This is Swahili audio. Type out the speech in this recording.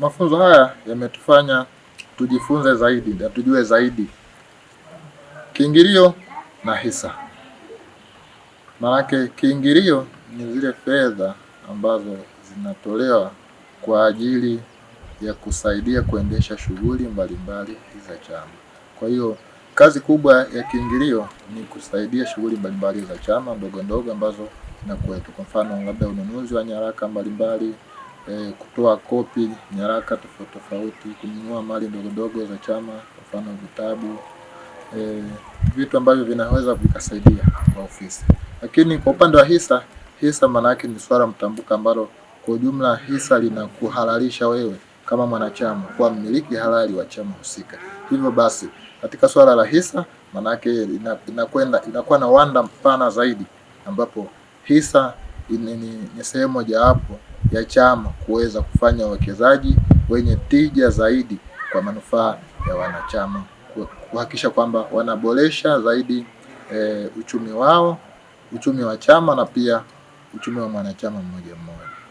Mafunzo haya yametufanya tujifunze zaidi na tujue zaidi kiingilio na hisa. Maanake kiingilio ni zile fedha ambazo zinatolewa kwa ajili ya kusaidia kuendesha shughuli mbalimbali za chama. Kwa hiyo kazi kubwa ya kiingilio ni kusaidia shughuli mbalimbali za chama ndogo ndogo ambazo zinakuwepo, kwa mfano labda ununuzi wa nyaraka mbalimbali eh, kutoa kopi nyaraka tofauti tofauti, kununua mali ndogondogo za chama, kwa mfano vitabu eh, vitu ambavyo vinaweza vikasaidia kwa ofisi. Lakini kwa upande wa hisa, hisa maana yake ni swala mtambuka ambalo kwa ujumla hisa linakuhalalisha wewe kama mwanachama kuwa mmiliki halali wa chama husika. Hivyo basi katika swala la hisa yake inakwenda inakuwa na wanda mpana zaidi, ambapo hisa ni, ni sehemu mojawapo ya chama kuweza kufanya uwekezaji wenye tija zaidi kwa manufaa ya wanachama, kuhakikisha kwamba wanaboresha zaidi e, uchumi wao, uchumi wa chama na pia uchumi wa mwanachama mmoja mmoja.